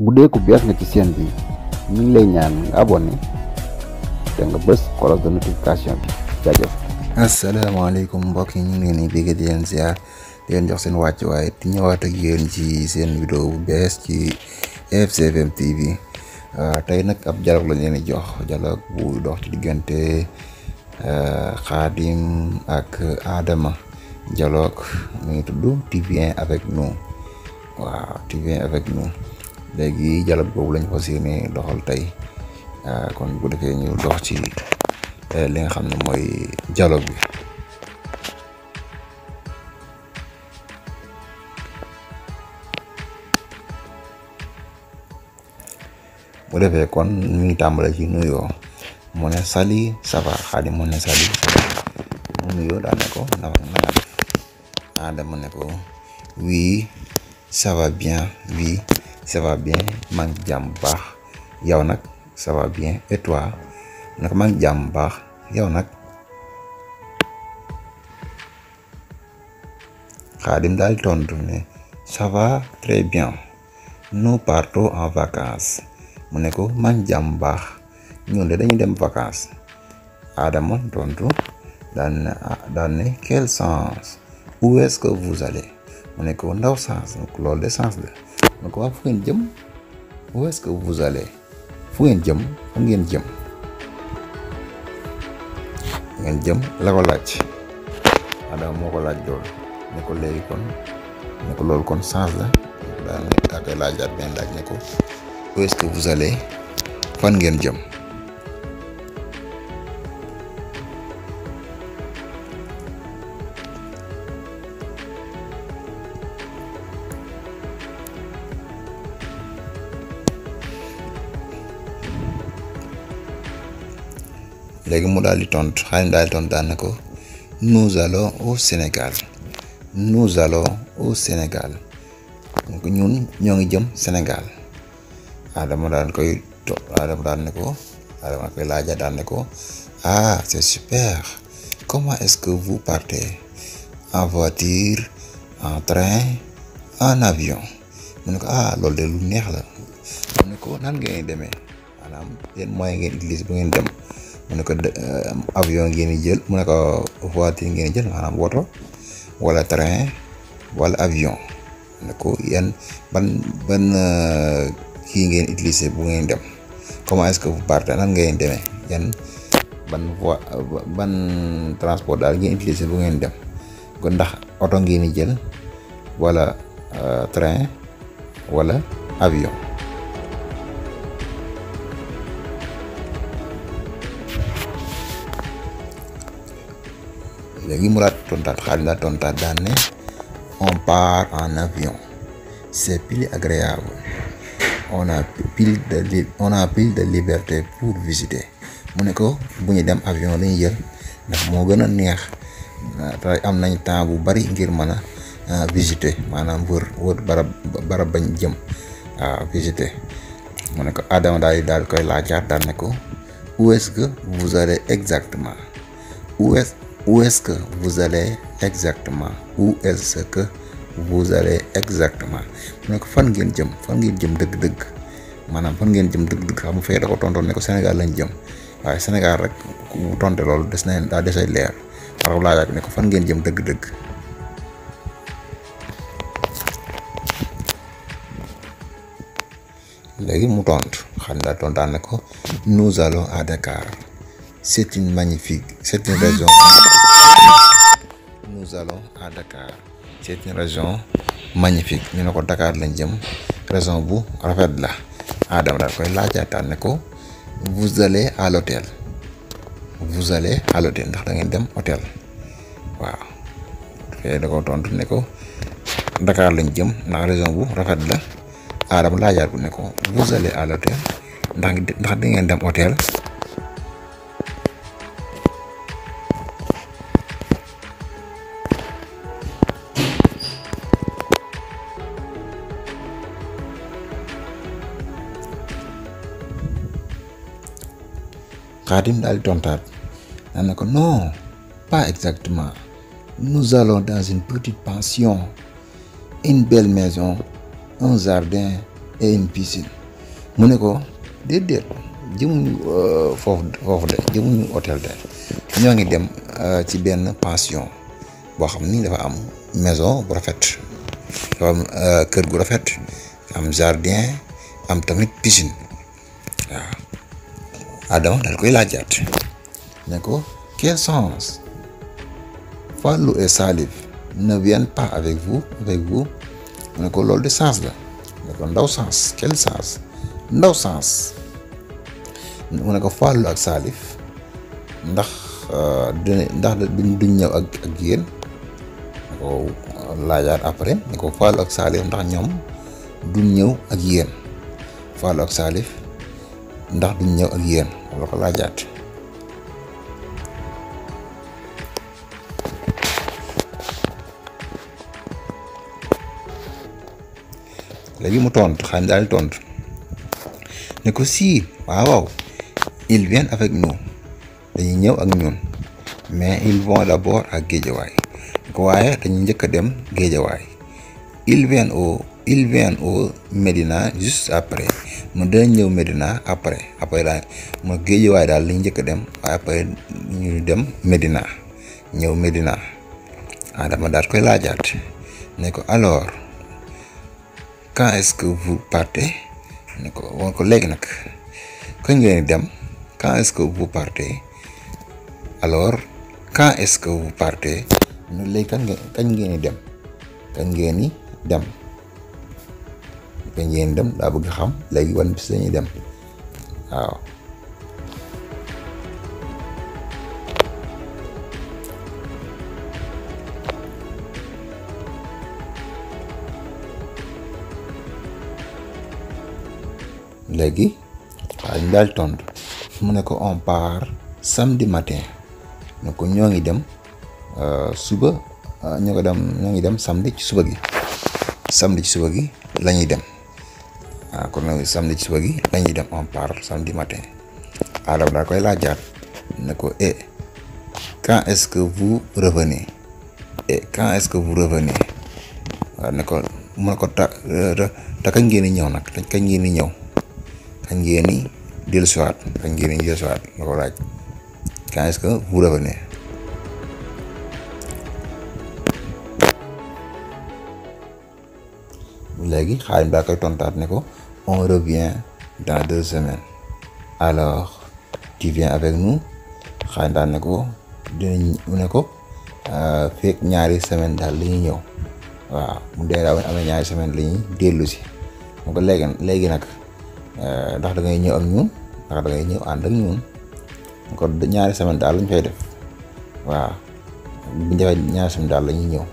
bu dee ku bees nga ci chaîne bi ñu ngi lay ñaan nga abonné te nga bës cloche de notification bi jaajëf. asalaamaaleykum mbokk yi ñu ngi leen di bégg di leen ziar di leen jox seen wàccuwaay di ñëwaat ak yéen ci seen vidéo bu bees ci FCFM TV ah, tey nag ab dialogue lañ leen di jox dialogue bu dox ci diggante Xaadim ah, ak Adama dialogue mu ngi tudd tu viens avec nous waaw tu viens avec nous. léegi dialogue boobu lañ fas yéene doxal tey euh, kon bu defee ñu dox ci euh, li nga xam ne mooy dialogue bi. bu defee kon ñu ngi tàmbale ci nuyoo mu ne Sali ça va Xaadim mu Sali mu nuyoo daal ne ko ndax na nga dama ne ko oui ça bien oui. ça va bien maa ngi jàmm baax yow nag ça bien et toi nag maa ngi jàmm bu baax yow nag Xaadim daal tontu ne ça va bien nous partons en vacances mu ne ko man ngi jàmm bu baax ñun de dañuy dem vacances Adama tontu daan ne daan ne quel sens où est que vous allez mu ne ko ndaw sens loolu de sens la. na ko wax fu ngeen jëm où est-ce que fu ngeen jëm fu ngeen jëm fu jëm la ko laaj Adama moo ko laaj loolu ne ko léegi kon ne ko loolu kon sens la daa koy laajaat benn laaj ne ko où est-ce que fan ngeen jëm léegi mu daal di tontu Khadim daal di tontu ko nous allons au Sénégal nous allons au Sénégal donc ñun ñoo ngi jëm Sénégal Adama daan koy to Adama daan ne ko Adama koy laaja daan ne ko ah c'est super comment est-ce que vous partez en voiture en train en avion mu ne ko ah loolu de lu neex la mu ne ko nan ngeen demee maanaam yéen moyen ngeen utilise bu ngeen dem mu ne ko euh, avion ngeen di jël mu ne ko voiture ngeen jël maanaam woto wala train wala avion mu ne ko yan ban ban euh, kii ngeen utiliser bu ngeen dem comment est-ce que vous partez nan ngeen deme yan ban transport daal ngeen utiliser bu ngeen dem kon ndax oto ngeen di jël wala euh, train wala avion. léegi Mourad tontaat Khalida tontaat daan ne on part en avion c'est pile agréable on a pile de li on a liberté pour visiter mu ne ko bu ñu dem avion lañu jël ndax moo gën a neex am nañ temps bu bari ngir mën a visiter maanaam wër bañ jëm waaw mu ne ko Adama daal di daal koy laajaat daal ne ko où est-ce vous allez exactement où est-ce que vous allez exactement où est-ce exactement mu ne ko fan ngeen jëm fan ngeen jëm dëgg-dëgg maanaam fan ngeen jëm dëgg-dëgg xam nga fay da ko tontoon ne ko Sénégal lañ jëm waaye Sénégal rek mu tonte loolu des na daa desay leer xaraw laajaat ne ko fan ngeen jëm dëgg-dëgg léegi mu tontu xam daa tontaan ne ko nous allons à Dakar C'est une magnifique, c'est une région. Nous allons à Dakar. C'est une région magnifique ñu ne ko Dakar lañ jëm région bu rafet la Adama daal koy laajaataan ne ko vous allez à l'hôtel vous ndax da dem hôtel waaw fee da ko tontu ne ko Dakar lañ jëm ndax région bu rafet la Adama laajaat bu ne ko vous allez à l'hôtel ndax ndax da dem hôtel xaadim daal di tontaat naan na ko non pas exactement nous allons dans une petite pension une belle maison un jardin et une piscine mu ne ko déedéet jëmuñu euh, foofu foofu de jëmuñu hôtel de ñoo ngi dem euh, ci benn pension boo xam ni dafa am maison bu rafet dafa euh, kër gu rafet am jardin am tamit piscine Adama dal koy laajaat ne ko quel sens Fallou et Salif ne viennent pas avec vous avec vous mu ko loolu de sens la ne ko ndaw sens quel sens ndaw sens mu ko Fallou ak saalif ndax euh, dina ndax duñ duñ ñëw ak ak yéen ne ko laajaat ko Fallou ak Salif ndax ñoom duñ ñëw ak yéen Fallou ak ndax ñëw ak yéen. boo ko léegi mu tontu xaadim daal tontu ne ko si waaw waaw ils viennent avec dañuy ñëw ak ñun mais ils vont d'abord ak géejawaay waaye dañuy njëkk a dem géejawaay ils viennent au il vient au Medina juste après mu dinañ ñëw Medina après après daal mu géejewaay daal lañ njëkk a dem waaye après ñu dem Medina ñëw Medina Adama daal koy laajaat ne ko alors quand est que vous ne ko léegi nag kañ ngeen dem que vous partez alors quand est-ce que vous dem kañ ngeen dem. kañ dem daa bëgg xam léegi wan bis lañuy dem waaw léegi waaw ñu daal tontu mu ne ko on part samedi matin ne ko ñoo ngi dem euh, suba euh, ñoo ngi dem ñoo ngi dem samedi ci suba gi samedi ci suba gi lañuy dem waaw ah, kon nag samedi ci suba gi nañuy dem on part samedi matin Adama daa koy laajaat ne ko eh quand est-ce que vous revenez et eh, quand est que vous revenez waaw ko mu ko ta ta ñëw nag kañ ngeen ñëw kañ ngeen di dellusiwaat kañ ngeen di dellusiwaat nga ko laaj quand est que vous revenez. léegi Xaadim daa koy tontaat ne ko. on revient dans deux semaines alors tu viens avec nous xandaan ne ko dinañ mu ne ko euh, fekk ñaari semaine daal la ñuy ñëw waaw mu dee daa amee ñaari semaine la ñuy dellu si mu ko léegi léegi nag euh, ndax da ngay ñëw ak ñun ndax da ngay ñaari semaine daal lañ fay def waaw bu ñu defee daal la ñuy ñëw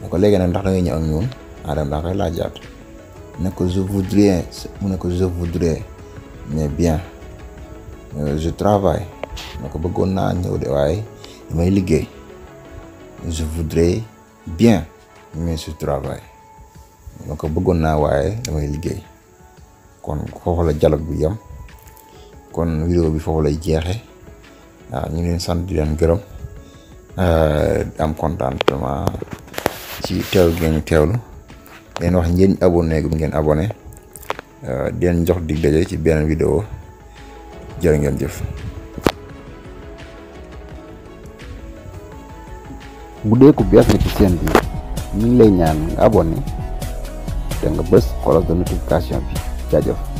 mu ko léegi nag ndax da ngay ñëw ak ñun Adama daa koy laajaat. ne ko je voudrais mu ne ko je voudrais mais bien euh, je travaille ne ko bëggoon naa ñëw de waaye damay liggéey je voudrais bien mais je travaille ne ko bëggoon naa waaye damay liggéey kon foofu la dialogue bi yem kon vidéo bi foofu lay jeexe waaw ñu ngi leen sant di leen gërëm euh, am contentement ci teew gi ngeen leen wax ngeen abonné gum ngeen abonné euh, di leen jox dig daje ci beneen vidéo jërë jëf. bu ku bees nga ci seen bi ñu ngi lay ñaan nga abonné te nga bës cloche de notification bi